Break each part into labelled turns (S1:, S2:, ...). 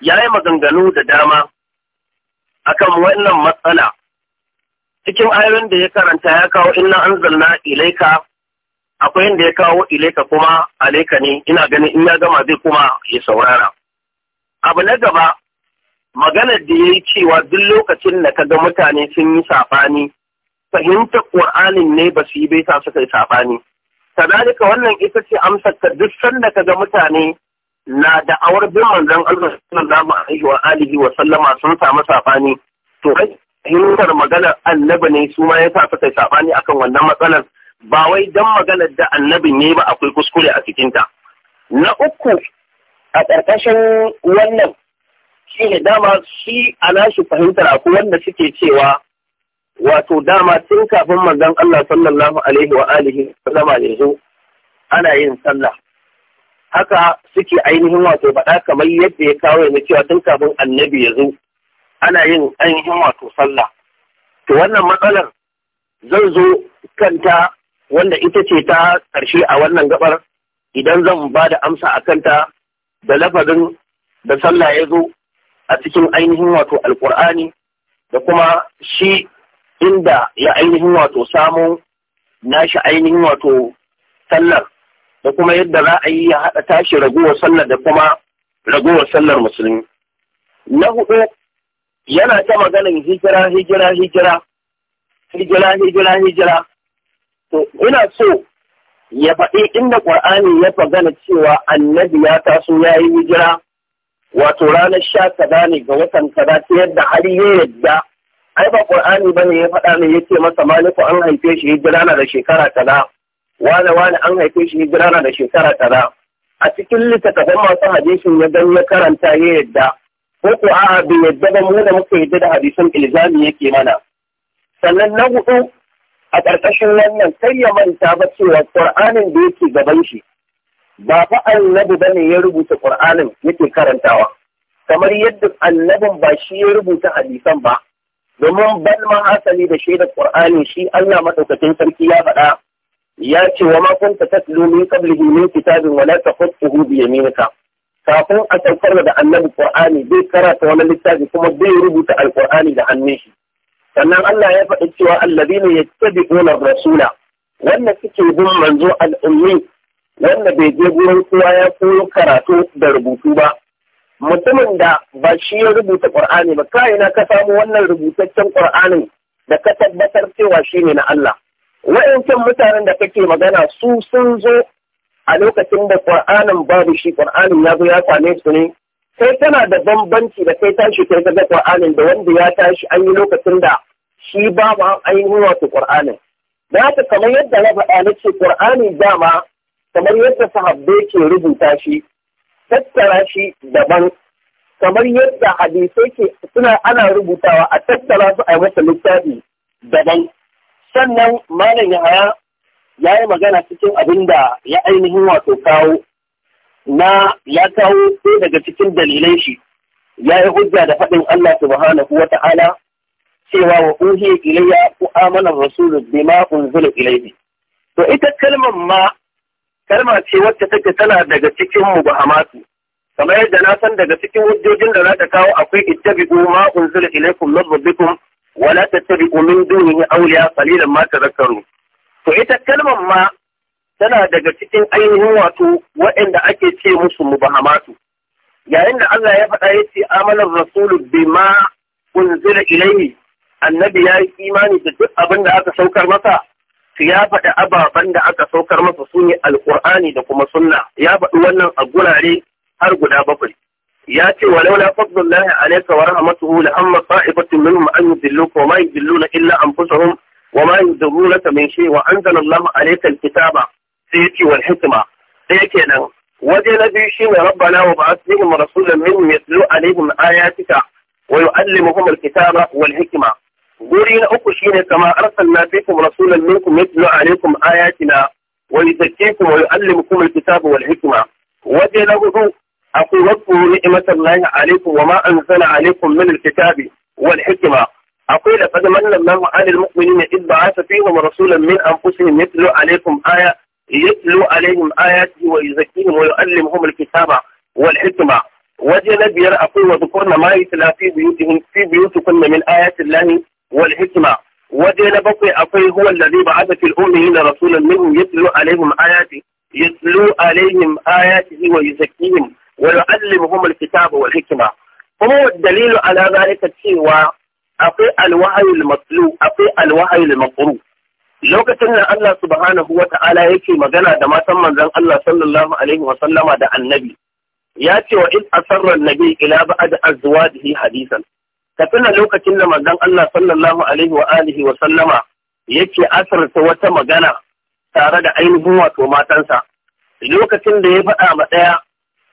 S1: ya yi maganganu da dama akan wannan matsala cikin ayoyin da ya karanta ya kawo inna anzalna ilaika akwai inda ya kawo ilaika kuma alaika ne ina ganin in ya gama zai kuma ya saurara abu na gaba maganar da ya yi cewa duk lokacin da kaga mutane sun yi saɓani fahimtar ƙur'anin ne ba su yi bai sa suka yi safani kadalika wannan ita ce amsar ka duk sanda ka ga mutane na da bin manzon Allah sallallahu alaihi wa alihi wa sallama sun samu sabani to hindar maganar annabi ne su ma yasa suka sabani akan wannan matsalar ba wai dan maganar da annabi ne ba akwai kuskure a cikin ta na uku a ƙarƙashin wannan shi ne dama shi a nashi fahimtar akwai wanda suke cewa wato dama tun kafin manzon Allah sallallahu alaihi wa alihi sallama ne zo ana yin sallah haka suke ainihin wato faɗa kamar yadda ya kawo yana cewa tun kafin annabi ya zo ana yin ainihin wato sallah to wannan matsalar zan zo kanta wanda ita ce ta ƙarshe a wannan gabar idan zan ba da amsa a kanta da lafazin da sallah ya zo a cikin ainihin wato Alƙur'ani da kuma shi inda ya ainihin wato samu nashi ainihin wato sallar da kuma yadda za a yi ya haɗa tashi raguwar sallar da kuma raguwar sallar musulmi. Na hudu yana ta maganin hijira hijira hijira hijira hijira hijira to ina so ya faɗi inda ƙur'ani ya magana cewa annabi ya taso ya yi hijira wato ranar sha kaza ne ga watan kaza ta yadda har ya yadda ai ba ƙur'ani ne ya faɗa ne ya ce masa maliku an haife shi hijira na da shekara kaza wane wane an haife shi hijirana da shekara tara a cikin littattafan masu hadisin ya gani ya karanta ya yadda ko ko a'a bai yadda ba mu da muka yadda da hadisin ilzami yake mana sannan na hudu a ƙarƙashin wannan sai ya manta ba cewa Qur'anin da yake gaban shi ba fa annabi bane ya rubuta Qur'anin yake karantawa kamar yadda annabin ba shi ya rubuta hadisan ba domin bal ma hasali da shaidar Qur'ani shi Allah madaukakin sarki ya faɗa ya ce wa ma ta tatlu min qablihi min kitabin wa la taqutuhu bi yaminika kafin a saukar da annabi qur'ani zai karata wani littafi kuma bai rubuta alqur'ani da hannun shi sannan Allah ya faɗi cewa alladhina yattabi'una ar-rasula wanda suke bin manzo al'ummi wanda bai je gurin kowa ya koyo karatu da rubutu ba mutumin da ba shi ya rubuta qur'ani ba kai na ka samu wannan rubutaccen qur'anin da ka tabbatar cewa shine na Allah wa'ancan mutanen da kake magana su sun zo a lokacin da Qur'anin babu shi Qur'anin ya zo ya same su ne sai tana da bambanci da kai tashi kai ga Qur'anin da wanda ya tashi an yi lokacin da shi ba babu ainihin wato Qur'anin da haka kamar yadda na faɗa na ce Qur'ani dama kamar yadda sahabbai ke rubuta shi tattara shi daban kamar yadda hadisai ke suna ana rubutawa a tattara su a yi masa littafi daban sannan malam yahaya ya yi magana cikin abin da ya ainihin wato kawo na ya kawo ko daga cikin dalilai shi ya yi hujja da faɗin Allah subhanahu wa ta'ala cewa wa uhiya ilayya ku amana rasulu bima unzila ilayhi to ita kalmar ma kalma ce wacce take tana daga cikin mubahamatu kamar yadda na san daga cikin hujjojin da za ta kawo akwai ittabi'u ma unzila ilaykum min rabbikum wala tattabi'u min dunihi awliya qalilan ma tadhakkaru to ita kalmar ma tana daga cikin ainihin wato waɗanda ake ce musu mubahamatu yayin da Allah ya faɗa ya ce amalar rasulu bima unzila ilayhi annabi ya yi imani da duk abin da aka saukar masa to ya faɗi ababen da aka saukar masa sune alqur'ani alƙur'ani da kuma sunna ya faɗi wannan a gurare har guda bakwai ya ce wa laula fadlullahi alayka wa rahmatuhu la amma sa'ibatun minhum an yudilluka wa ma yudilluna illa anfusahum wa ma yudilluna min shay wa anzala Allahu alayka alkitaba sai yace wal hikma sai kenan waje na biyu shi ne rabbana wa ba'ath bihim rasulan minhum yatlu alaihim ayatika wa yu'allimuhum alkitaba wal hikma guri na uku shine kama arsalna fikum rasulan minkum yatlu alaikum ayatina wa yuzakkikum wa yu'allimukum alkitaba wal hikma waje na hudu أقول واذكروا نعمة الله عليكم وما أنزل عليكم من الكتاب والحكمة أقول قد من الله على المؤمنين إذ بعث فيهم رسولا من أنفسهم يتلو عليكم آية يتلو عليهم آياته ويزكيهم ويعلمهم الكتاب والحكمة وجل بير أقول وذكرنا ما يتلى في بيوتهم في بيوتكن من آيات الله والحكمة وجل بقي أقول هو الذي بعث في الأمين رسولا منهم يتلو عليهم آياته يتلو عليهم آياته ويزكيهم wa yu'allimuhum alkitaba wal hikma kuma dalilu ala zalika cewa akwai alwahayul matlu akwai alwahayul maqru lokacin da Allah subhanahu wa ta'ala yake magana da matan manzon Allah sallallahu alaihi wa sallama da annabi ya ce wa in asarra annabi ila ba'd azwajihi hadisan ka tuna lokacin da manzon Allah sallallahu alaihi wa alihi yake asarta wata magana tare da ainihin wato matansa lokacin da ya faɗa ma ɗaya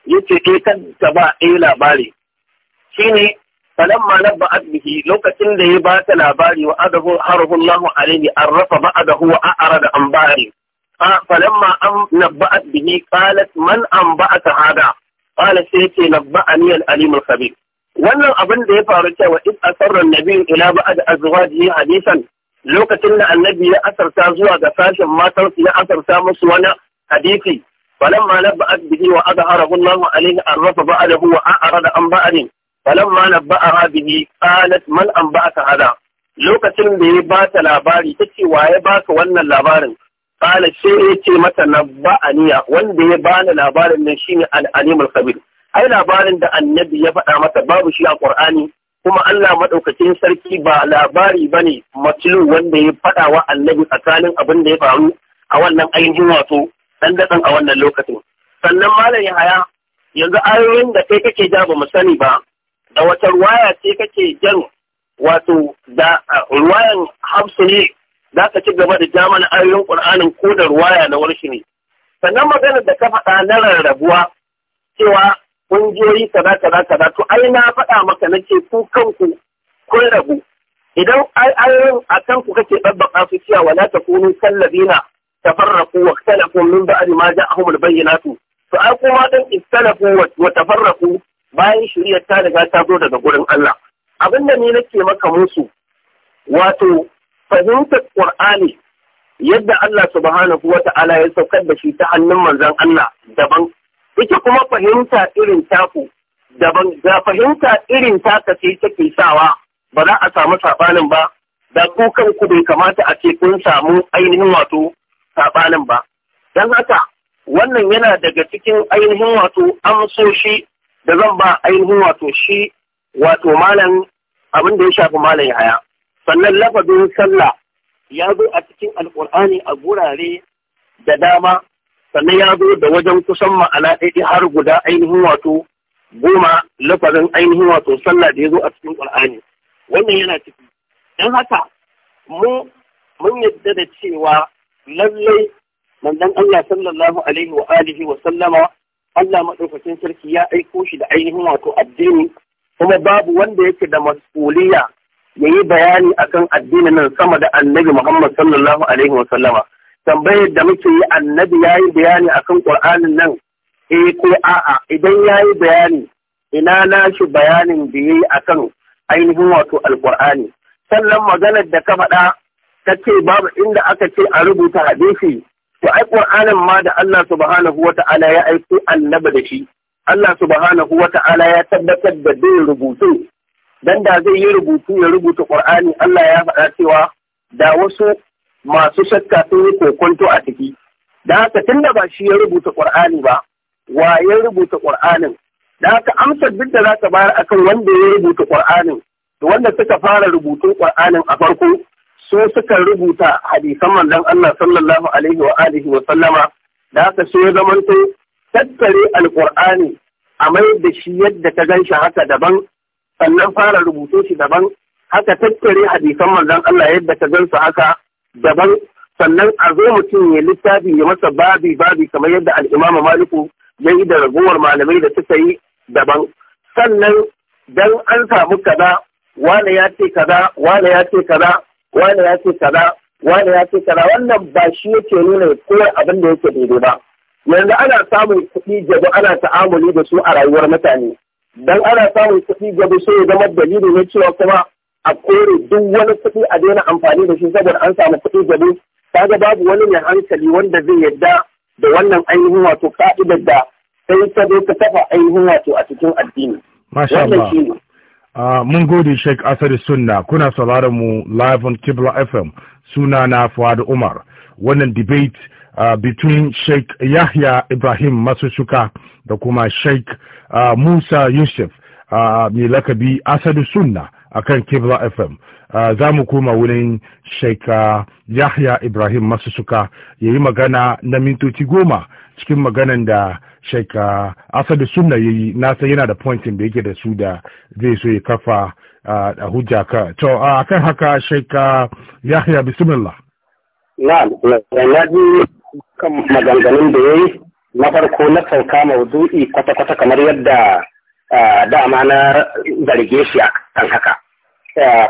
S1: yace ke kan ta ba a labari shine falamma nabba'at bihi lokacin da ya ba ta labari wa adahu harfullahu alaihi arrafa ba'dahu wa a'rada an bari ma an nabba'at bihi qalat man anba'aka hada qala sai ce nabba'ani al-alim al-khabir wannan abin da ya faru cewa in asarra nabi ila ba'd azwajihi hadisan lokacin da annabi ya asarta zuwa ga sashen matansu ya asarta musu wani hadisi فلما نبأت به وأظهره الله عليه عرف بعده وأعرض عن بعد فلما نبأها به قالت من أنبأك هذا lokacin da ya ba ta labari ta ce wa ya baka wannan labarin kala sai ya ce mata na ba'aniya wanda ya bani labarin nan shine al-alimul khabir ai labarin da annabi ya faɗa mata babu shi a ƙur'ani kuma Allah maɗaukacin sarki ba labari bane matlu wanda ya faɗawa wa annabi tsakanin abin da ya faru a wannan ainihin wato dan daɗin a wannan lokacin sannan malam yahaya yanzu ayoyin da kai kake ja ba mu sani ba da wata ruwaya ce kake jan wato da ruwayan hamsin ne za ka ci gaba da jaman ayoyin ƙur'anin ko da ruwaya na warshi ne sannan maganar da ka faɗa na rarrabuwa cewa ƙungiyoyi kaza kaza kaza to ai na faɗa maka na ce ku kanku kun rabu idan ayoyin a kanku kake ɗabbaƙa su cewa wala ta kunu kallabina tafarraqu wa ikhtalafu min ba'd ma ja'ahum al-bayyinatu to ai kuma dan ikhtalafu wa tafarraqu bayan shari'ar ta riga ta zo daga gurin Allah abin da ni nake maka musu wato fahimtar ƙur'ani. yadda Allah subhanahu wa ta'ala ya saukar da shi ta hannun manzan Allah daban ita kuma fahimta irin taku daban ga fahimta irin taka ce take sawa ba za a samu sabanin ba da kukanku bai kamata a ce kun samu ainihin wato saɓanin ba. Don haka wannan yana daga cikin ainihin wato amsoshi da zan ba ainihin wato shi wato malam abin da ya shafi malam yaya. Sannan lafazin sallah ya zo a cikin alƙur'ani a gurare da dama sannan ya zo da wajen kusan ma'ana ɗaiɗi har guda ainihin wato goma lafazin ainihin wato sallah da ya zo a cikin ƙur'ani. Wannan yana ciki. Don haka mun yadda da cewa lallai manzon Allah sallallahu alaihi wa alihi wa sallama Allah madaukakin sarki ya aiko shi da ainihin wato addini kuma babu wanda yake da mas'uliya ya yi bayani akan addini nan sama da annabi Muhammad sallallahu alaihi wa sallama tambayar da muke yi annabi ya yi bayani akan Qur'anin nan eh ko a'a idan ya yi bayani ina na shi bayanin da ya yi akan ainihin wato alƙur'ani sannan maganar da ka faɗa ta ce babu inda aka ce a rubuta hadisi to ai qur'anin ma da Allah subhanahu wata'ala ya aiko annaba da shi Allah subhanahu wata'ala ya tabbatar da bin rubutu dan da zai yi rubutu ya rubuta qur'ani Allah ya faɗa cewa da wasu masu shakka sun yi kokonto a ciki da haka tunda ba shi ya rubuta qur'ani ba wa ya rubuta qur'anin da haka amsar duk da za ka bayar akan wanda ya rubuta qur'anin da wanda suka fara rubutun qur'anin a farko so suka rubuta hadisan manzon Allah sallallahu alaihi wa alihi wa sallama da haka so ya zamanto tattare alqur'ani a mai da shi yadda ka ganshi haka daban sannan fara rubuto shi daban haka tattare hadisan manzon Allah yadda ta gan haka daban sannan a zo mutum ya littafi ya masa babi babi kamar yadda Al'imama maliku ya yi da ragowar malamai da suka yi daban sannan dan an samu kaza wane ya ce kaza wane ya ce kaza wani ya ce kaza wani ya ce kaza wannan ba shi yake nuna kowai abin da yake daidai ba yanzu ana samun kuɗi gaba ana ta'amuli da su a rayuwar mutane dan ana samun kuɗi gaba sai ya zama dalili na cewa kuma a kore duk wani kuɗi a daina amfani da shi saboda an samu kuɗi gaba kaga babu wani mai hankali wanda zai yadda da wannan ainihin wato ka'idar da sai ta zo ta kafa ainihin wato a cikin addini. Masha Allah.
S2: Ah, mun gode Sheikh Asad Sunna kuna sauraron mu live on Kibla FM suna na Fuad Umar wannan debate uh, between Sheikh Yahya Ibrahim Masushuka da kuma Sheikh uh, Musa Yusuf uh, mai lakabi Asad Sunna akan Kibla FM uh, za mu koma wurin Sheikh uh, Yahya Ibrahim Masushuka ya yi magana na mintoci goma cikin maganan da Sheikh uh, Asadu Sunna yayi na san yana da pointin da yake da su da zai so ya kafa uh, a hujja ka to uh, kan haka shaika Yahya bismillah
S1: na na ji kan maganganun da yayi
S2: na farko na
S1: sauka mawdu'i kwata-kwata kamar yadda dama na zarge shi a kan haka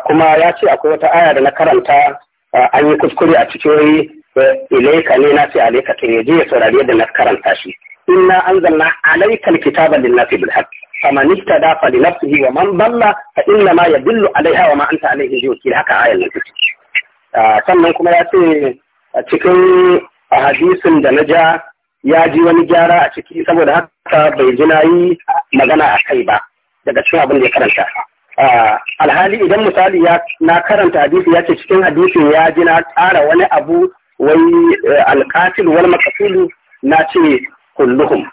S1: kuma ya ce akwai wata aya da na karanta an yi kuskure a cikin ilaika ne na ce alaika to yaje ya saurari yadda na karanta shi inna anzalna alaika alkitaba linnasi bilhaq faman ihtada fa li nafsihi wa man dalla fa inna ma yadullu alaiha wa ma anta alaihi haka ayan nan take sannan kuma ya ce a cikin hadisin da na ja ya ji wani gyara a ciki saboda haka bai ji na yi magana a kai ba daga cikin abin da ya karanta alhali idan misali na karanta hadisi ya ce cikin hadisin ya ji na tsara wani abu wai eh, alƙatil wal maqtul na ce kulluhum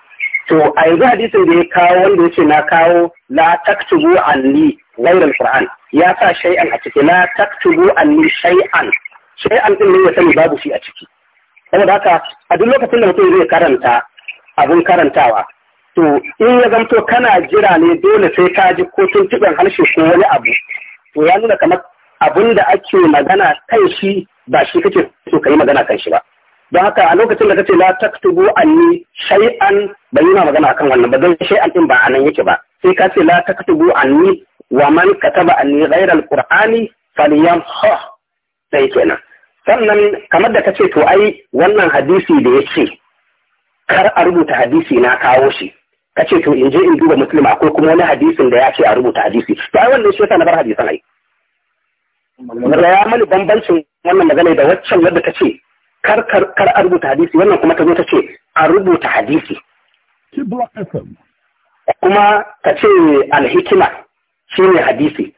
S1: to a yanzu hadisin da ya kawo wanda ya ce na kawo la taktubu anni ghayra alquran ya sa shay'an a ciki la taktubu anni shay'an shay'an din ne ya sani babu shi a ciki saboda haka a duk lokacin da mutum zai karanta abin karantawa to in ya zanto kana jira ne dole sai ka ji ko tuntuɓen harshe ko wani abu to ya nuna kamar abin da ake magana kai shi ba shi kake so ka yi magana kan shi ba don haka a lokacin da kace la taktubu anni shay'an ba yi magana kan wannan ba don shay'an din ba anan yake ba sai ka ce la taktubu anni wa man kataba anni ghayra alqur'ani falyamha sai kenan sannan kamar da kace to ai wannan hadisi da yace kar a rubuta hadisi na kawo shi kace to in je in duba muslima ko kuma wani hadisin da ya ce a rubuta hadisi to ai wannan shi yasa na bar hadisan ai ya mani bambancin wannan magana da waccan wadda ta ce kar a rubuta hadisi wannan kuma ta zo ta ce a rubuta hadisi kuma ka ce alhikima shi ne hadisi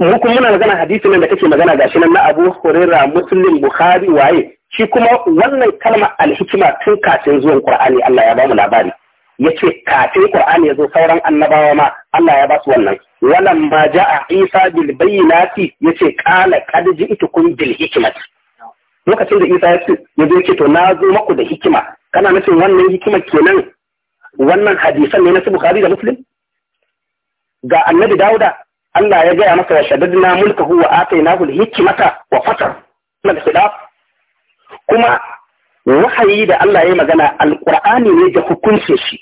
S1: Mukun muna magana hadisi nan da kake magana shi nan na Abu Hurairah Muslim Bukhari waye shi kuma wannan kalmar alhikima tun kafin zuwan Qur'ani Allah ya ba mu labari yace kafin Qur'ani ya zo sauran annabawa ma Allah ya ba su wannan walan maja a Isa bil bayyinati yace qala qad ji'tukum bil lokacin da Isa ya ce ya zo to na zo maku da hikima kana nufin wannan hikima kenan wannan hadisan ne na su Bukhari da Muslim ga Annabi Dawuda Allah ya gaya masa wa shaddadna mulkahu wa atainahu al hikimata wa fatar al-khilaf kuma wahayi da Allah ya yi magana alkur'ani ne da hukuncin shi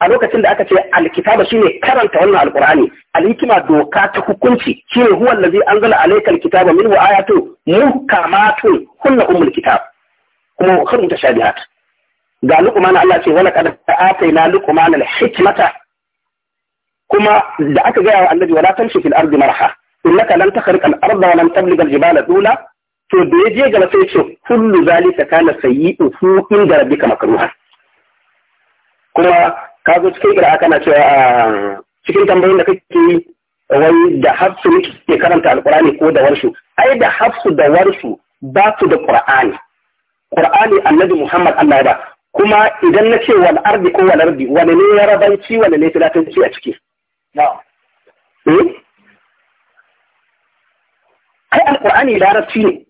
S1: a lokacin da aka ce alkitaba shine karanta wannan alqur'ani alhikima doka ta hukunci shine huwa allazi anzala kitaba min minhu mu muhkamatun kunna ummul kitab kuma ukhra mutashabihat ga luqman Allah ce wala qad ataina luqman alhikmata kuma da aka ga wa annabi wala tamshi fil ardi marha innaka lan takhriqa al-arda wa lan tabligar jibala dula to da ya je gaba sai ce kullu zalika kana sayyi'u fu inda rabbika makruha kuma ka zo cikin ƙira'a kana cewa a ah, cikin tambayoyin da kake yi wai da hafsu ke karanta alkurani ko da warshu ai da hafsu da warshu ba su da ƙur'ani. qur'ani annabi muhammad allah ba kuma idan na ce wal ardi ko wal ardi wani ne rabanci wani ne filatanci a ciki hmm? kai Alƙur'ani larabci ne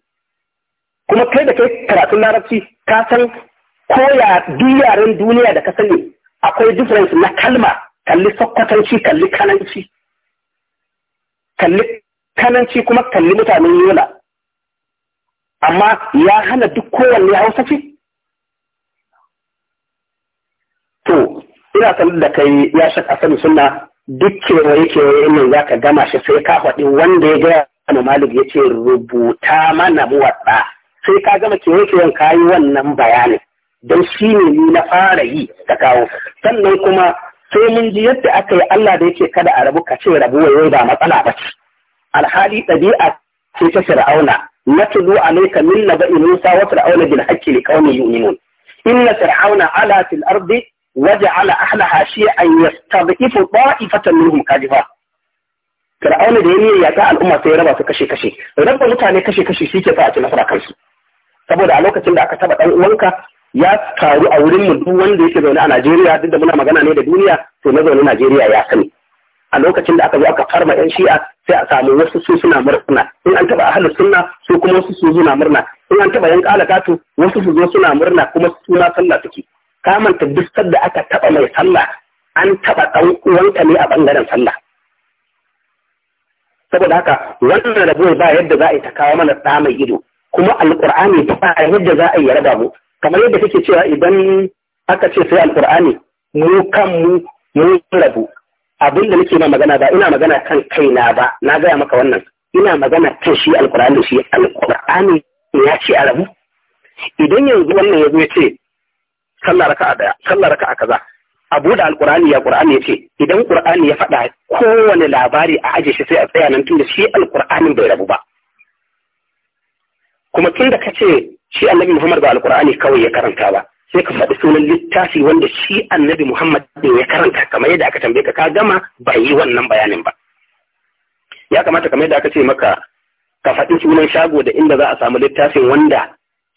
S1: kuma kai da kai karatun larabci ka san koya duk yaren duniya da ka sani akwai difference na kalma kalli sokotanci kalli kananci kalli kananci kuma kalli mutanen yola amma ya hana duk kowanne hausa ce to ina sanar da kai ya a sani suna duk kewaye kewaye nan za ka gama shi sai ka faɗi wanda ya gaya mu malik ya ce rubuta mana muwaɗa sai ka gama kewaye kewayen ka yi wannan bayanin don shi ne ni na fara yi ta kawo sannan kuma sai mun ji yadda aka yi Allah da yake kada a rabu ka ce rabu wai ba matsala ba ce alhali ɗabi'a ce ta fir'auna na tudu alaika ba naba'i musa wa fir'auna bil haqqi li qaumi yu'minun inna fir'auna ala fil ardi وجعل أهلها شيئا يستضعف طائفة منهم كاذبة Fir'auna da yayi ya ta al'umma sai raba su kashe kashe Raba mutane kashe kashe shi ke fa a ci nasara kansu saboda a lokacin da aka taba dan uwanka ya karu a wurin mu duk wanda yake zaune a Najeriya duk da muna magana ne da duniya to na zaune Najeriya ya sani a lokacin da aka zo aka farma yan shi'a sai a samu wasu su suna murna in an taba ahlus sunna su kuma wasu su suna murna in an taba yan kalakatu wasu su zo suna murna kuma su suna sallah suke kamanta duk da aka taba mai sallah an taba dan uwanka ne a bangaren sallah saboda haka wannan rabuwar ba yadda za a yi ta kawo mana ɗa mai ido kuma alƙur'ani ba yadda za a yi ya raba mu kamar yadda kake cewa idan aka ce sai alkur'ani mu kanmu mun rabu abin da nake ma magana ba ina magana kan kaina ba na gaya maka wannan ina magana kan shi alkur'ani shi alkur'ani ya ce a rabu idan yanzu wannan ya zo ya ce sallah raka'a daya sallah raka'a kaza a buɗe alkur'ani ya qur'ani ya ce idan qur'ani ya faɗa kowane labari a aje shi sai a tsaya nan tunda shi alkur'anin bai rabu ba kuma tun ka kace shi annabi Muhammad ba alkur'ani kawai ya karanta ba sai ka faɗi sunan littafi wanda shi annabi Muhammad ɗin ya karanta kamar yadda aka tambaye ka ka gama ba yi wannan bayanin ba ya kamata kamar yadda aka ce maka ka faɗi sunan shago da inda za a samu littafin wanda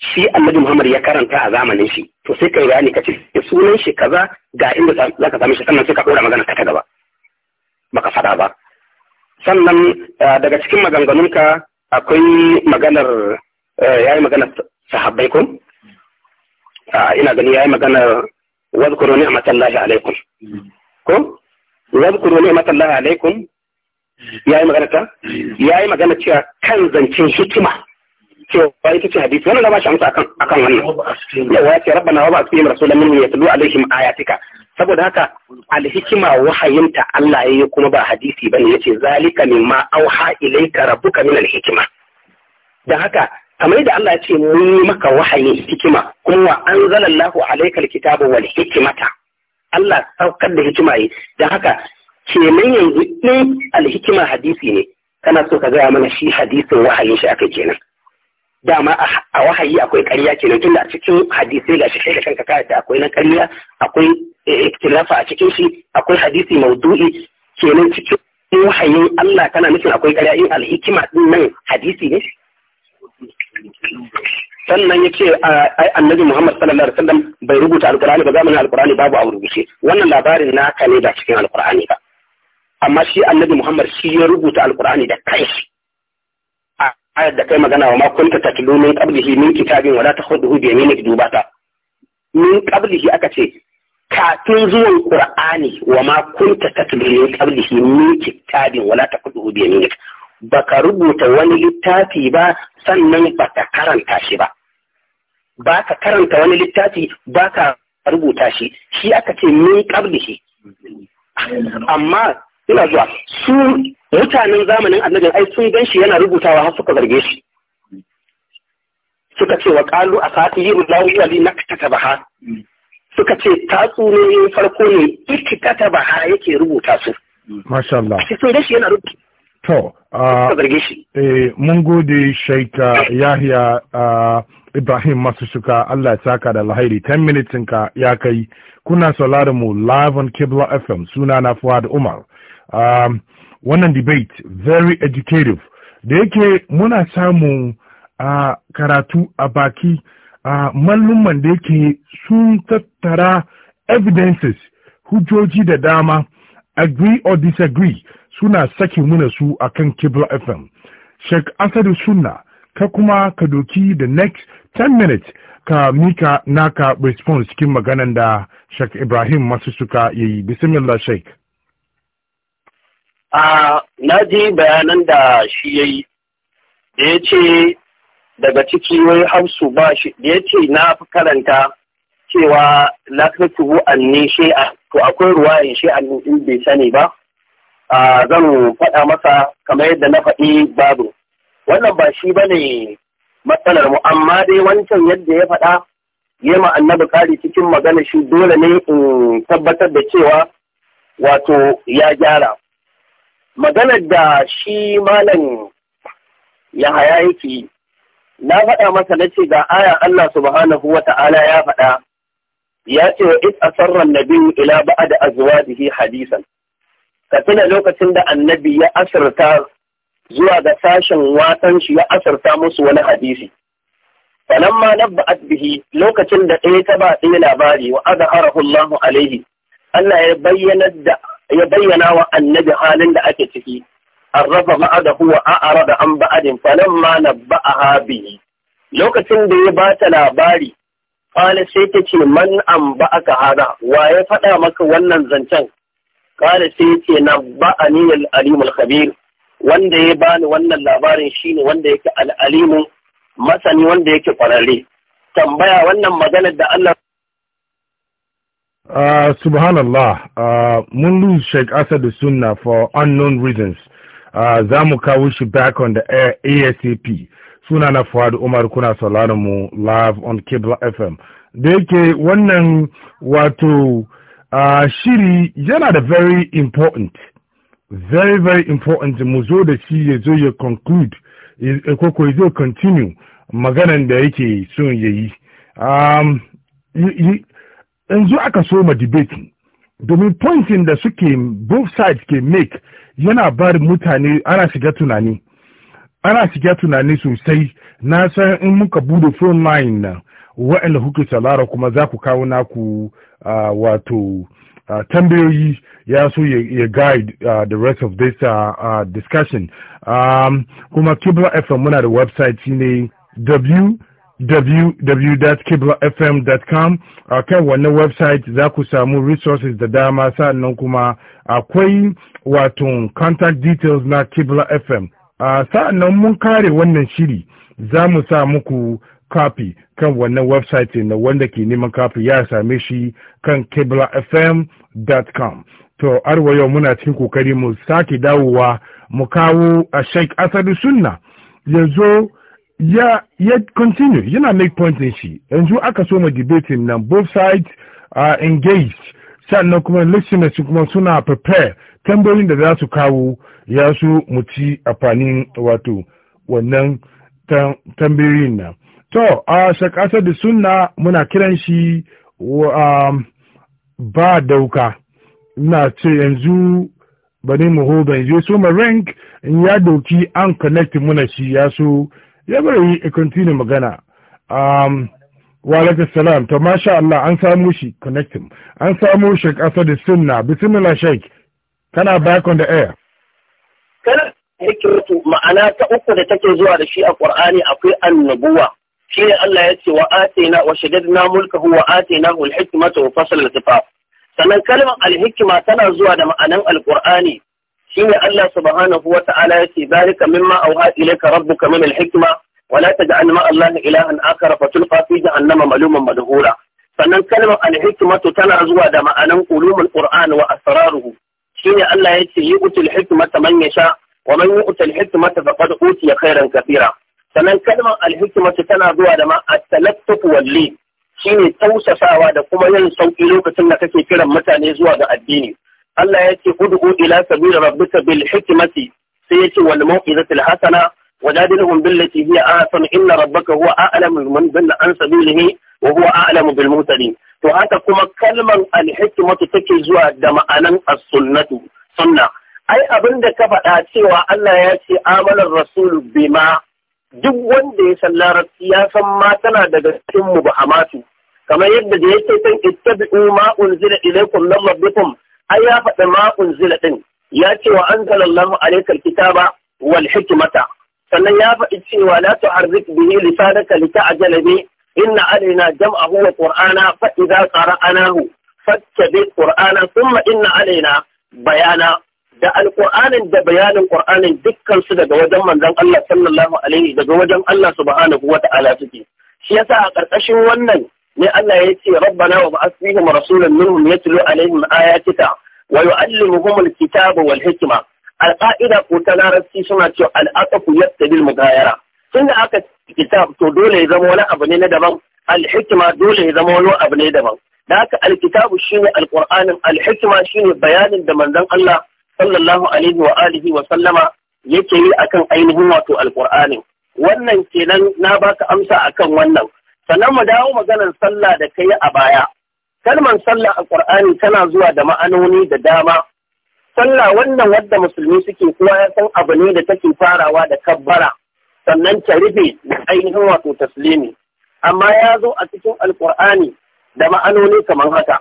S1: shi annabi Muhammad ya karanta a zamanin shi to sai kai bayani ka ce sunan shi kaza ga inda za ka samu shi sannan sai ka ɗora magana ta gaba baka faɗa ba sannan eh, daga cikin maganganunka akwai maganar eh, ya yi maganar sahabbai kun ina gani yayi magana wazkuru ni'matallahi alaikum ko wazkuru ni'matallahi alaikum yayi magana ta yayi magana cewa kan zancen hikima cewa ita ce hadisi wannan da ba shi amsa akan akan wannan yawa ya ce rabbana wa ba'ath fihim rasulan minhum yatlu alaihim ayatika saboda haka alhikima wahayinta Allah yayi kuma ba hadisi bane yace zalika mimma auha ilayka rabbuka min alhikima dan haka kamar da Allah ya ce mun yi maka wahayin hikima kuma wa anzalallahu alaikal kitabu wal hikimata Allah saukar da hikima yi da haka kenan yanzu in alhikima hadisi ne kana so ka gaya mana shi hadisin wahayin shi akai kenan dama a wahayi akwai ƙarya kenan tunda a cikin hadisai ga shi kai da kanka kayata akwai na ƙarya akwai eh, iktilafa a cikin shi akwai hadisi maudu'i kenan cikin wahayin Allah kana nufin akwai ƙarya in alhikima din nan hadisi ne sannan ya ce annabi Muhammad sallallahu alaihi wasallam bai rubuta alqur'ani ba zamanin alqur'ani babu a rubuce wannan labarin naka ne da cikin alqur'ani ba amma shi annabi Muhammad shi ya rubuta alqur'ani da kai a ayar da kai magana wa ma kunta tatlu min qablihi min kitabin wala takhudhu bi yaminik dubata min qablihi aka ce kafin zuwan qur'ani wa ma kunta tatlu min qablihi min kitabin wala takhudhu bi yaminik baka rubuta wani littafi ba sannan ba ka karanta shi ba ba ka karanta wani littafi ba ka rubuta shi shi aka ce min shi. amma ina zuwa su mutanen zamanin annabin ai sun gan shi yana rubutawa har suka zarge shi suka ce wa ƙalu a satiru lawi wali na ha. suka ce tatsuniyoyin farko ne ha yake rubuta su
S2: Masha Allah.
S1: sun gashi yana rubuta
S2: To, eh, mun gode Shaika Yahya Ibrahim suka Allah ya saka da lahairi 10 minutes ka ya kai kuna sauraron mu live on Kibla FM suna na Fuad Umar. Um, wannan debate very educative da yake muna samun uh, karatu a baki uh, malluman da yake sun tattara evidences hujjoji da dama agree or disagree suna saki muna su a kan Kibla FM. Sheikh Asadu Sunna ka kuma ka doki da next 10 minutes ka mika naka response cikin maganan da Sheikh Ibrahim masu suka yayi. Bismillah Sheikh.
S1: na ji bayanan da shi ya yi da ya ce daga ciki wai hamsu ba shi da ya ce na fi karanta cewa na fi tuhu anni shi'a to akwai ruwa ruwayin shi'a in bai sani ba zan faɗa masa kamar yadda na faɗi babu wannan ba shi ba ne matsalar mu amma dai wancan yadda ya faɗa yema annabi kari cikin magana shi dole ne in tabbatar da cewa wato ya gyara maganar da shi malam yahaya yake na faɗa masa na ce ga aya Allah subhanahu wa ta'ala ya faɗa ya ce wa it asarran nabiyu ila da azwajihi hadisan ka tuna lokacin da annabi ya asirta zuwa ga sashen wasan shi ya asirta musu wani hadisi falamma nabba'at bihi lokacin da ɗaya ta ba ɗaya labari wa azharahu Allahu alaihi Allah ya bayyana wa annabi halin da ake ciki arrafa ma'adahu wa a'rada an ba'adin na nabba'aha bihi lokacin da ya bata labari qala sai ta ce man an ba'aka hada wa ya faɗa maka wannan zancen Kare sai ce na ba'ani al-alimul khabir wanda ya bani wannan labarin shine wanda yake al masani wanda yake kwararre. Tambaya wannan maganar da Allah
S2: Uh, subhanallah, uh, mun lose Sheikh Asadu Sunna for unknown reasons. Uh, za mu kawo shi back on the air ASAP. Suna na Fuad Umar kuna sauraron mu live on Kibla FM. Da yake wannan wato Uh, shiri yana da very important very very important mu zo da shi ya zo ya conclude ko ko zo continue maganan da yake son ya yi um, zo aka so ma debate domin pointing da suke both sides ke make yana bar mutane ana shiga tunani ana shiga tunani sosai na san in muka bude phone line na wa'anda kuke salara kuma za ku kawo naku wato tambayoyi ya so ya guide the rest of this discussion um, kuma kibla fm muna da website shine w www.kiblafm.com a kan wannan website za ku samu resources da dama sa'annan kuma akwai wato contact details na kibla fm sa'annan mun kare wannan shiri za mu sa muku copy kan wannan website na wanda ke neman copy ya same shi kan kiblafm.com to arwa yau muna cikin kokari mu sake dawowa mu kawo a sheik asadu sunna yanzu ya ya continue yana make point in shi yanzu aka so mu debating nan both sides are engaged sannan kuma listeners kuma suna prepare tambayoyin da za su kawo ya su mu ci amfanin wato wannan tambayoyin nan to a shakasar da suna muna kiran shi um, ba dauka na ce yanzu ba ne muho ban je so ma rank in ya doki an connecting muna shi ya so ya bari a continue magana um, wa alaƙa salam to masha Allah an samu shi connecting an samu shi kasa da suna, bismillah sheik kana back on the air
S1: kana hikmatu ma'ana ta uku da take zuwa da shi a ƙur'ani akwai annabuwa shi ne Allah ya ce wa atina wa shaddadna mulkahu wa atina hul hikmata wa fasal al sannan kalmar al-hikma tana zuwa da ma'anan al-qur'ani shine Allah subhanahu wa ta'ala ya ce zalika mimma auha ilayka rabbuka min al-hikma wa la taj'al ma Allah ilahan akara fa tulqa fi jahannama maluman madhura sannan kalmar al-hikmatu tana zuwa da ma'anan ulumul qur'an wa asraruhu shine Allah ya ce yu'til hikmata man yasha wa man yu'til hikmata faqad utiya khairan kathira sannan kalmar alhikimatu tana zuwa da ma at-talaffuf walli shine tausasawa da kuma yin sauki lokacin da kake kiran mutane zuwa ga addini Allah ya ce ud'u ila sabili rabbika bil hikmati sai yace wal mau'izatil hasana wajadilhum billati hiya ahsan inna rabbaka huwa a'lamu man dalla an sabilihi wa huwa a'lamu bil muhtadin to haka kuma kalmar al-hikmatu take zuwa da ma'anan as-sunnatu sunna ai abinda ka faɗa cewa Allah ya ce amalar rasul bima duk wanda ya san larabci ya san ma tana daga cikin Amatu. kamar yadda da yake san ittabi'u ma unzila ilaykum min rabbikum ai ya faɗi ma unzila din ya ce wa anzalallahu alayka kitaba, wal hikmata sannan ya faɗi cewa la tuharrik bihi lisanaka lita'jala bi inna alaina jam'ahu wa qur'ana fa idza qara'nahu fattabi qur'ana thumma inna alaina bayana da alƙur'anin da bayanin ƙur'anin dukkan su daga wajen manzon Allah sallallahu alaihi daga wajen Allah subhanahu wata'ala suke shi yasa a ƙarƙashin wannan ne Allah ya ce rabbana wa ba'ath fihim rasulan minhum yatlu alaihim ayatika wa yu'allimuhum alkitaba wal hikma alqa'ida ko ta larabci suna cewa al'aqfu yattabil mugayara tunda aka kitab to dole ya zama wani abu ne na daban alhikma dole ya zama wani abu ne daban da haka alkitabu shine alqur'anin alhikma shine bayanin da manzon Allah sallallahu alaihi wa alihi wa sallama yake yi akan ainihin wato alqur'ani wannan kenan na baka amsa akan wannan sannan mu dawo maganar sallah da kai a baya kalmar sallah a tana zuwa da ma'anoni da dama sallah wannan wadda musulmi suke kowa ya san abu ne da take farawa da kabbara sannan ta rufe da ainihin wato taslimi amma ya zo a cikin alqur'ani da ma'anoni kamar haka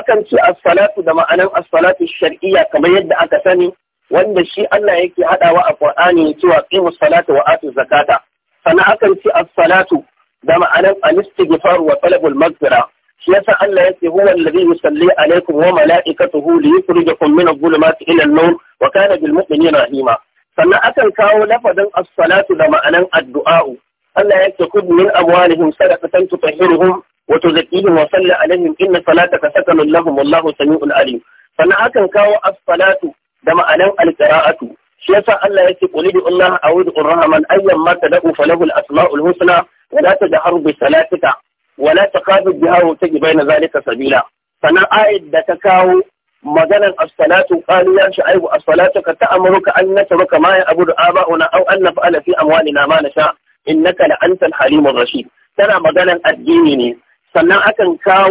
S1: akan ce as-salatu da ma'anan as-salatu shar'iyya kamar yadda aka sani wanda shi Allah yake haɗawa a Qur'ani cewa qimus salata wa atu zakata sannan akan ce as-salatu da ma'anan al-istighfar wa talabul maghfira shi yasa Allah yake huwa alladhi yusalli alaykum wa mala'ikatuhu li yukhrijakum min adh-dhulumati ila an-nur wa kana bil mu'minina rahima sannan akan kawo lafazin as-salatu da ma'anan addu'a Allah yake kud min amwalihim sadaqatan tutahhiruhum wato zakihin wa salli alaihim inna salata ka saka lahum wallahu sami'ul alim sannan hakan kawo as-salatu da ma'anar Alkira'atu. qiraatu shi yasa Allah yake qul li Allah a'udhu bi rahman ayyam ma tad'u falahu al-asma'ul husna wa la tajharu bi salatika wa la taqabu biha zalika sabila sannan ayat da ta kawo maganan as-salatu qali ya shi ayyu as-salatu ka ta'muruka an nataruka ma ya'budu aba'una aw an nafa'ala fi amwalina ma nasha innaka la antal halimur rashid tana maganan addini ne sannan akan kawo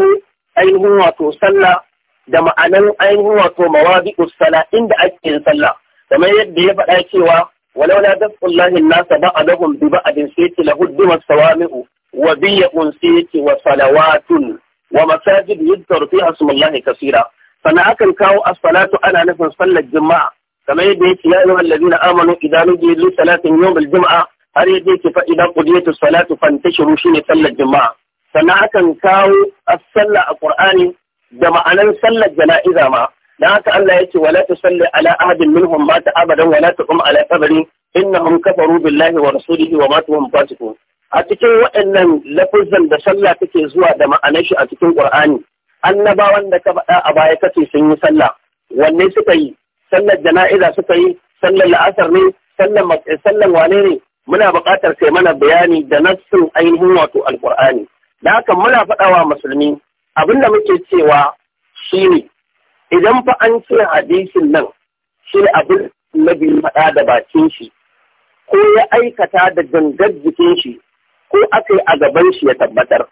S1: ainihin wato sallah da ma'anan ainihin wato mawadi'us sala inda ake yin sallah kamar yadda ya faɗa cewa walau la dafullahi nasa ba'adahum bi ba'adin sayti lahuddimat sawami'u wa biya'un sayti wa salawatun wa masajid yudkaru fiha ismullahi kasira sannan akan kawo as-salatu ana nufin sallar juma'a kamar yadda yake ya ayyuhal ladina amanu idan nudiya li salatin yawm al-jum'a har yadda yake fa idan qudiyatu salatu fantashiru shine sallar juma'a sannan akan kawo as-salla a Qur'ani da ma'anan sallar jana'iza ma dan haka Allah yake wala tusalli ala ahadin minhum mata abadan wala taqum ala qabri innahum kafaru billahi wa rasulihi wa matu hum fasiqun a cikin waɗannan lafazan da sallah take zuwa da ma'anar shi a cikin Qur'ani annabawan da ka faɗa a baya kace sun yi sallah wanne suka yi sallar jana'iza suka yi sallar la'asar ne sallar sallar wane ne muna buƙatar kai mana bayani da nassin ainihin wato alqur'ani da haka muna faɗawa musulmi abin da muke cewa shi ne idan fa an ce hadisin nan shi ne abin biyu faɗa da bakin shi ko ya aikata da gangar jikin shi ko aka yi a gaban shi ya tabbatar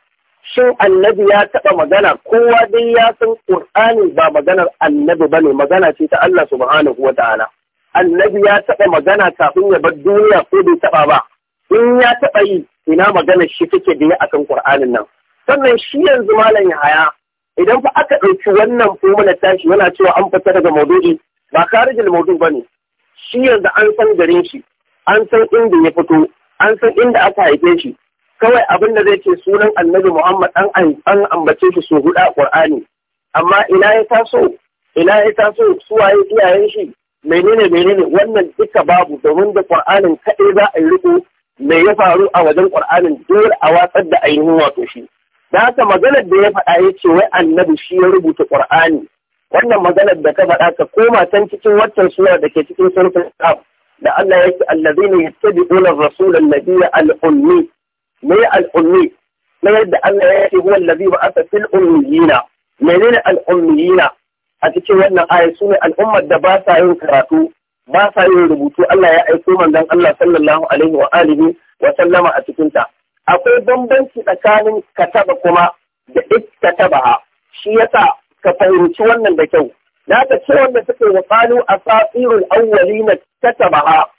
S1: shin annabi ya taɓa magana kowa dai ya san ƙur'ani ba maganar annabi ba ne magana ce ta Allah subhanahu wa ta'ala annabi ya taɓa magana kafin ya bar duniya ko bai taɓa ba in ya taɓa yi ina magana shi take da ya kan Kur'anin nan sannan shi yanzu malam ya haya. idan fa aka ɗauki wannan formula tashi yana cewa an fita daga maududi. ba karijin maudu ne. shi yanzu an san garin shi an san inda ya fito an san inda aka haife shi kawai abin da zai ce sunan Annabi Muhammad an ambace shi su huɗa Qur'ani amma ina ya taso ina ya taso suwaye iyayen shi menene menene wannan duka babu domin da Qur'anin kaɗai za a yi riko me ya faru a wajen Qur'anin dole a watsar da ainihin wato shi da haka maganar da ya faɗa ya ce wai annabi shi ya rubuta ƙur'ani. wannan maganar da ka faɗa ka koma can cikin wancan sura da ke cikin surfin kaf da Allah ya ce allazina yattabi'una ar-rasula an-nabiyya al-ummi me al-ummi na yadda Allah ya ce huwa allazi ba'atha fil ummiyina menene al-ummiyina a cikin wannan aya sune al'ummar da ba sa yin karatu ba sa yin rubutu Allah ya aiko manzon Allah sallallahu alaihi wa alihi wa sallama a cikin ta akwai bambanci tsakanin kataba kuma da iktatabaha shi yasa ka fahimci wannan da kyau Na ka ce wanda suke wa a asatirul awwalina katabaha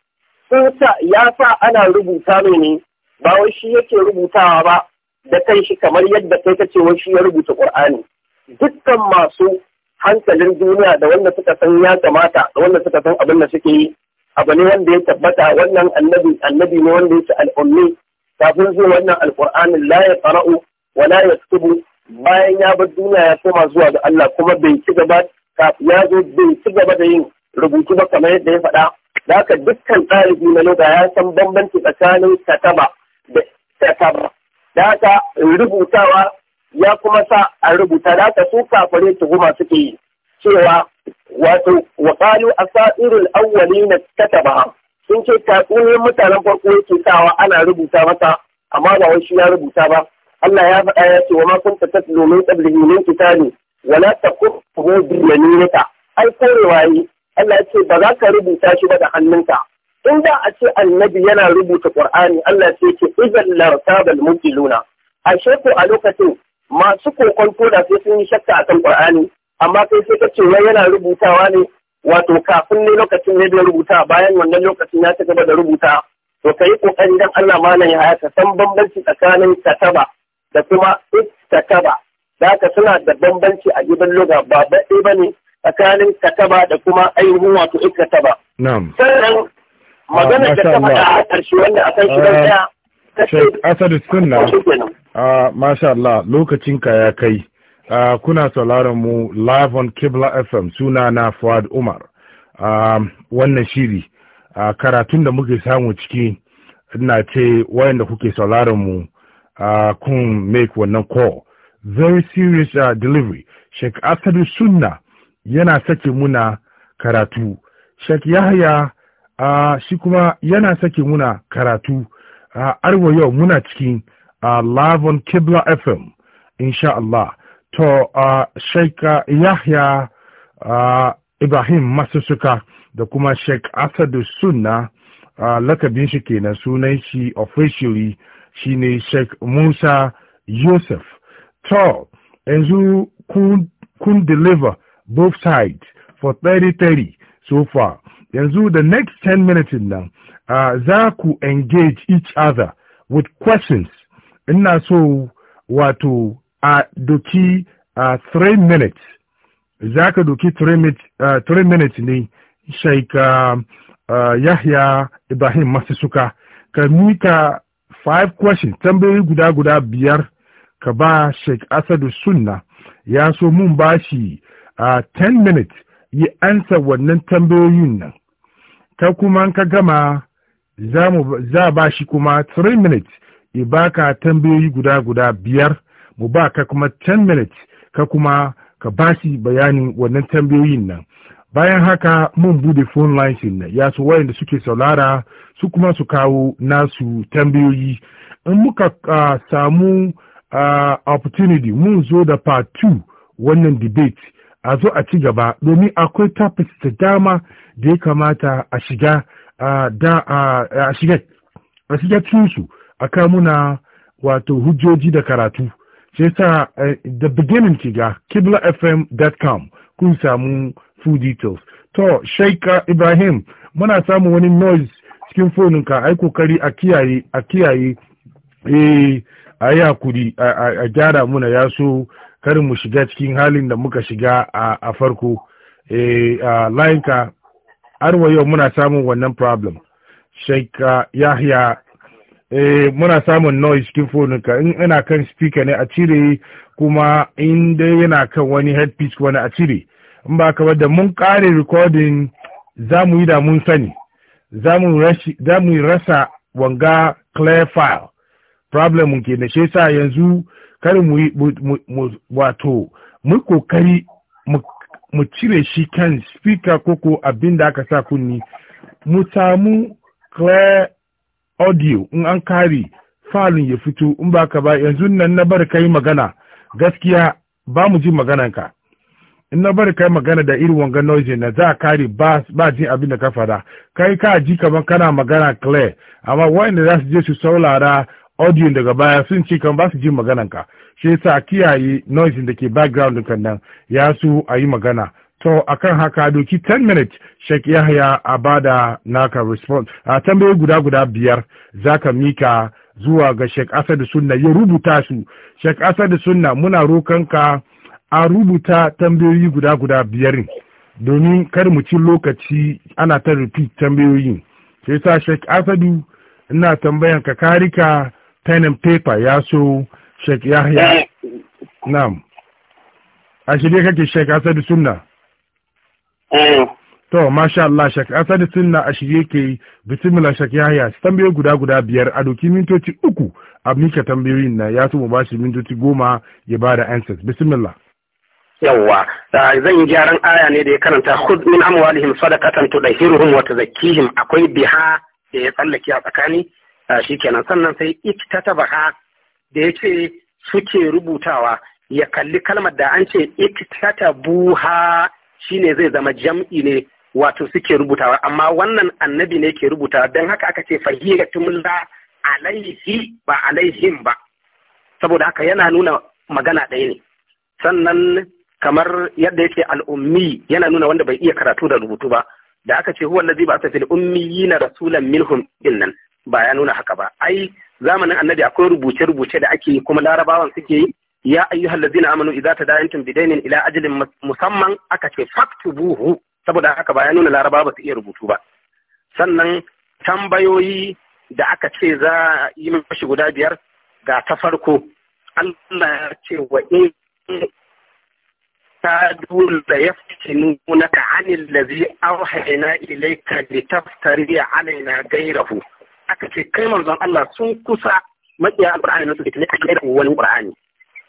S1: sun sa ya sa ana rubuta ne ne ba wai shi yake rubutawa ba da kanshi kamar yadda kai kace wai shi ya rubuta Qur'ani dukkan masu hankalin duniya da wanda suka san ya kamata da wanda suka san abin da suke yi abu ne wanda ya tabbata wannan annabi annabi ne wanda ya ci al'ummi kafin zuwa wannan Alkur'ani, la ya qara'u wa la bayan ya bar duniya ya koma zuwa ga Allah kuma bai ci gaba ya zo bai ci gaba da yin rubutu ba kamar yadda ya faɗa da haka dukkan ɗalibi na loga ya san bambanci tsakanin kataba da kataba da haka rubutawa ya kuma sa a rubuta da ka su kafare tuhuma suke yi cewa wato wa qalu asairul awwalina katabaha sun ce tatsuniyar mutanen farko yake sawa ana rubuta masa amma ba wai shi ya rubuta ba Allah ya faɗa ya ce wa ma kunta tatlu min qablihi min kitabi wala takutuhu bi yaminika ai korewa yi Allah ya ce ba za ka rubuta shi ba da hannunka in da a ce annabi yana rubuta Qur'ani Allah sai ce idan lartabal mukiluna ashe ko a lokacin masu kokon da sai sun yi shakka a kan ƙwar'ani amma kai sai ka ce wai yana rubutawa ne wato kafin ne lokacin ne bai rubuta bayan wannan lokacin ya ci gaba da rubuta to ka yi ƙoƙari don Allah malam ya haya ka san bambanci tsakanin kataba da kuma kataba da ka suna da bambanci a gidan loga ba daɗe ba ne tsakanin kataba da kuma ainihin wato ikataba. Sannan
S2: magana ah, da ta faɗa a
S1: ƙarshe wanda akan shi ɗaya.
S2: Ah, Asadu Sunna. Uh, Masha Allah ka ya kai uh, kuna sauraron mu live on Kibla FM suna na Fuad Umar uh, wannan shiri uh, karatun da muke samu ciki ina ce wayanda kuke sauraron mu uh, kun make wannan call very serious uh, delivery Sheikh Asadu Sunna yana sake muna karatu Sheikh Yahya uh, shi kuma yana sake muna karatu uh, arwa yau muna cikin uh, live on Kibla FM, inshallah, to uh, Sheikh uh, Yahya uh, Ibrahim Masusuka the kuma Sheikh the Sunnah, uh, a shi kenan sunan shi officially ne Sheikh Musa Yusuf. To, yanzu kun, kun deliver both sides for 30-30 so far. Yanzu the next 10 minutes in nan, uh, za ku engage each other with questions ina so wato a doki a 3 minutes za ka doki 3 minutes ne sheik yahya ibrahim masu suka ka mika 5 questions tambayoyi guda guda biyar ka ba sheik asadu sunna ya so mun ba shi 10 minutes yi ansa wannan tambayoyin nan ka kuma ka gama za ba shi kuma 3 minutes ya baka tambayoyi guda guda biyar mu baka kuma 10 minutes ka kuma ka bashi bayanin wannan tambayoyin nan bayan haka mun bude phone lines din ya su wayanda suke saulara su kuma su kawo nasu tambayoyi in muka uh, samu uh, opportunity mun zo da part 2 wannan debate a zo a ci gaba domin akwai topics da dama da ya kamata a shiga uh, da a shiga a shiga su aka muna wato hujjoji da karatu sai sa da beginning kiga kiblafm.com kun samu full details to shaika ibrahim muna samu wani noise cikin foninka ai kokari a kiyaye a kiyaye eh a yi hakuri a gyara muna ya so karin mu shiga cikin halin da muka shiga a farko eh, layinka har wa yau muna samun wannan problem sheik eh, yahya eh muna samun noise cikin foninka in ina kan speaker ne a cire kuma in dai yana kan wani headpiece wani a cire in ba ka da mun kare recording za mu yi da mun sani za mu rasa wanga clear file problem ke na shi sa yanzu kar mu wato mu kokari mu cire shi kan speaker koko abin da aka sa kunni mu samu clear audio in an kare falin ya fito in ba ka ba yanzu nan na bar kai magana gaskiya ba mu ji magananka in na bar kai magana da irin wanga noise na za a kare ba ba jin abin da ka fada kai ka ji kaman kana magana clear amma wanda za su je su saurara audio daga baya sun ce kan ba su ji ka shi yasa kiyaye noise da ke background kan nan ya su a yi magana to akan haka doki 10 minutes ya haya a bada naka response a tambaye guda guda biyar za ka mika zuwa ga shek asadu Sunna ya rubuta su shek asadu Sunna muna rokanka a rubuta tambayoyi guda guda biyar domin kar mu ci lokaci ana ta repeat tambayoyin sai sa shek Asadu ina tambayan ka karika pen and paper ya so ya haya nam a shirye kake shek Asadu Sunna Eh. To, masha Allah, shak, asali suna a shirye ke bismillah shak haya, tambayo guda guda biyar a doki mintoci uku a mika tambayoyin na ya ba shi mintoci goma ya ba da answers. bisimila.
S1: Yawwa, zan yi gyaran aya ne da ya karanta Hud min amwalihim sadaqatan hiruhun wata zakihim akwai biha da ya tsallake a tsakani ah, kenan sannan sai ta ha da ya ce suke rubutawa ya kalli kalmar da an ce ta iktatabuha Shi ne zai zama jam'i ne wato suke rubutawa amma wannan annabi ne ke rubutawa. don haka aka ce fahiyatul alaihi ba alaihim ba saboda haka yana nuna magana ɗaya ne sannan kamar yadda yake al'ummi yana nuna wanda bai iya karatu da rubutu ba da aka ce huwa allazi ba ummiyina rasulan minhum dinnan ba ya nuna haka ba ai zamanin annabi akwai rubuce rubuce da ake yi kuma larabawan suke yi ya ayyuhal ladina amanu idza tadayantum bidainin ila ajalin musamman aka ce faktubuhu saboda haka bayan nuna laraba ba su iya rubutu ba sannan tambayoyi da aka ce za a yi mashi guda biyar ga ta farko Allah ya ce wa in ta dole ya fitinu na ka anil lazi auhaina ilaika li taftari alaina gairahu aka ce kai manzon Allah sun kusa maƙiya alƙur'ani na su fitini a gairahu wani ƙur'ani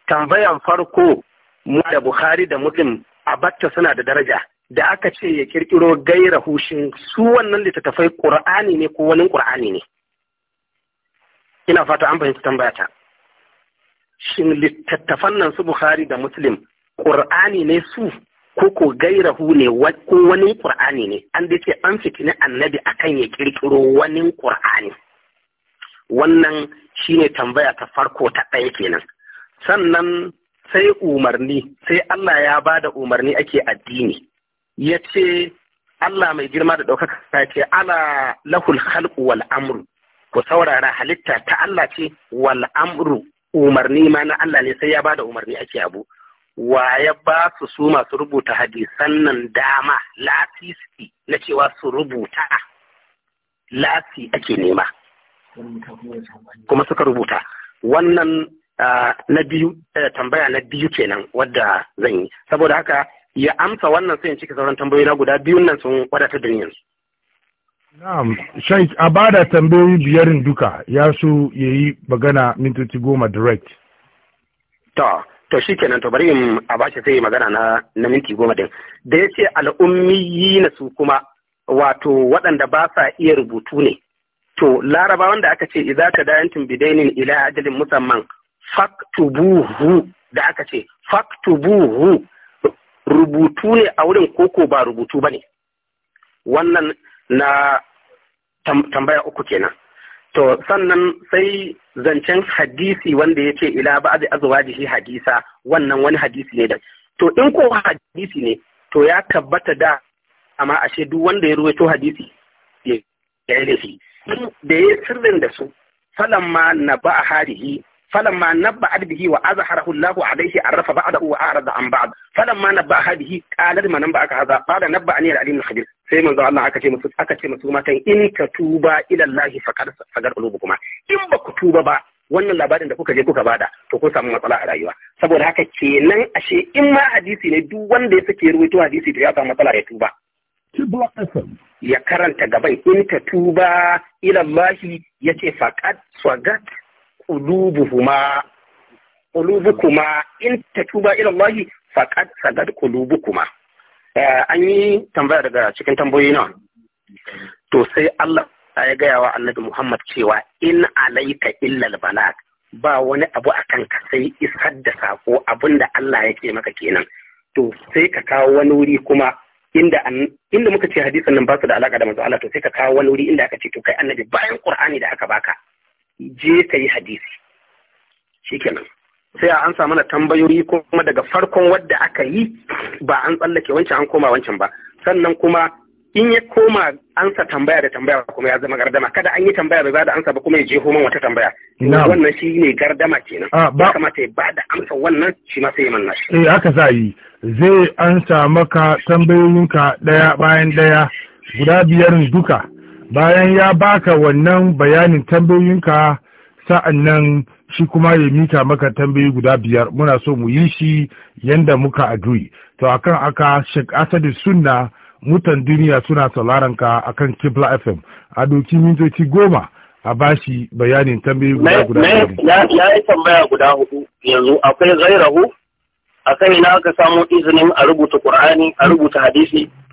S1: tambayan farko mu da Bukhari da Muslim a batta suna da daraja da aka ce ya kirkiro gaira hushin su wannan littattafai ƙur'ani ne ko wani ƙur'ani ne ina fata an fahimci tambaya ta shin littattafan nan su Bukhari da Muslim ƙur'ani ne su ko ko gairahu ne ko wani ƙur'ani ne an dace, an an fitini annabi akan ya kirkiro wani ƙur'ani wannan shine tambaya ta farko ta ɗaya kenan sannan sai umarni sai Allah ya ba da umarni ake addini ya ce Allah mai girma da ɗaukaka ya ce ala lahul khalqu wal amru ku saurara halitta ta Allah ce wal amru umarni ma na Allah ne sai ya ba da umarni ake abu wa ya ba su su masu rubuta hadisan nan dama lasisi na cewa su rubuta lasi ake nema kuma suka rubuta wannan na biyu eh, tambaya na biyu kenan wadda zan yi saboda haka ya amsa wannan sai in cika sauran tambayoyi na guda biyun nan sun wadatar da yanzu
S2: na'am shan a bada tambayoyi biyarin duka ya so yayi magana mintoci goma direct
S1: to to shi kenan to bari in a bashi sai magana na na minti goma din da ya ce al'ummiyi na su kuma wato waɗanda ba sa iya rubutu ne to larabawan da aka ce idza tadayantum bidainin ila ajalin musamman faktubuhu da aka ce faktubuhu rubutu ne a wurin koko ba rubutu ba ne wannan na tambaya uku kenan to sannan sai zancen hadisi wanda ya ce ila ba da azwajihi hadisa wannan wani hadisi ne da to in ko hadisi ne to ya tabbata da amma ashe duk wanda ya ruwaito hadisi ya yi da shi da ya sirrin da su ma na ba a harihi فلما نبأت به وأظهره الله عليه عرف بعضه وأعرض عن بعض فلما نبأها به قال لما نبأك هذا قال نبأني العليم الخبير sai manzo Allah aka ce musu aka ce musu matan in ka tuba ila Allah faqad sagar qulubukuma in ba ku tuba ba wannan labarin da kuka je kuka bada to kun samu matsala a rayuwa saboda haka kenan ashe in ma hadisi ne duk wanda ya sake ruwaito hadisi to ya samu matsala ya tuba ya karanta gaban in ka tuba ila Allah yace faqad sagar
S2: kulubukuma
S1: qulubukuma in tatuba ila Allah faqad sadad kulubukuma eh, an yi tambaya daga cikin tambayoyi nawa to sai Allah ya gaya wa Annabi Muhammad cewa in alaika illa albalag ba wani abu a kanka sai isar da sako abinda Allah ya maka kenan to sai ka kawo wani wuri kuma inda muka ce hadisin nan ba su da alaka da manzo Allah to sai ka kawo wani wuri inda aka ce to kai annabi bayan Qur'ani da aka baka je ka yi hadisi shikenan sai a ansa mana tambayoyi kuma daga farkon wadda aka yi ba an tsallake wancan an koma wancan ba sannan kuma in ya koma ansa tambaya da tambaya kuma ya zama gardama kada an yi tambaya bai bada ansa ba kuma ya je homan wata tambaya wannan shi ne gardama kenan ah, ba kamata ya bada ansa wannan shi ma sai ya manna
S2: shi eh aka sa yi zai ansa maka tambayoyinka daya bayan daya guda biyar duka bayan ya baka wannan bayanin tambayoyinka nan shi kuma ya mika maka tambayi guda biyar muna so mu yi shi yanda muka agree to akan aka Sheikh asadi Sunna mutan duniya suna sauraron ka akan Kibla FM a doki mintoci goma a bashi bayanin tambayi guda guda ya
S1: yi tambaya guda hudu yanzu akwai gairahu akan ina aka samu izinin a rubuta Qur'ani a rubuta hadisi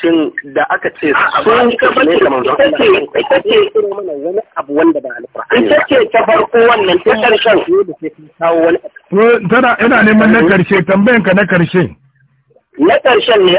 S1: shin da aka ce sun ne da manzon Allah ita ce mana wani abu wanda ba alƙur'ani ita ce ta farko wannan ta karshen
S2: kawo wani tana ina neman na karshe tambayan ka na karshe
S1: na karshen ne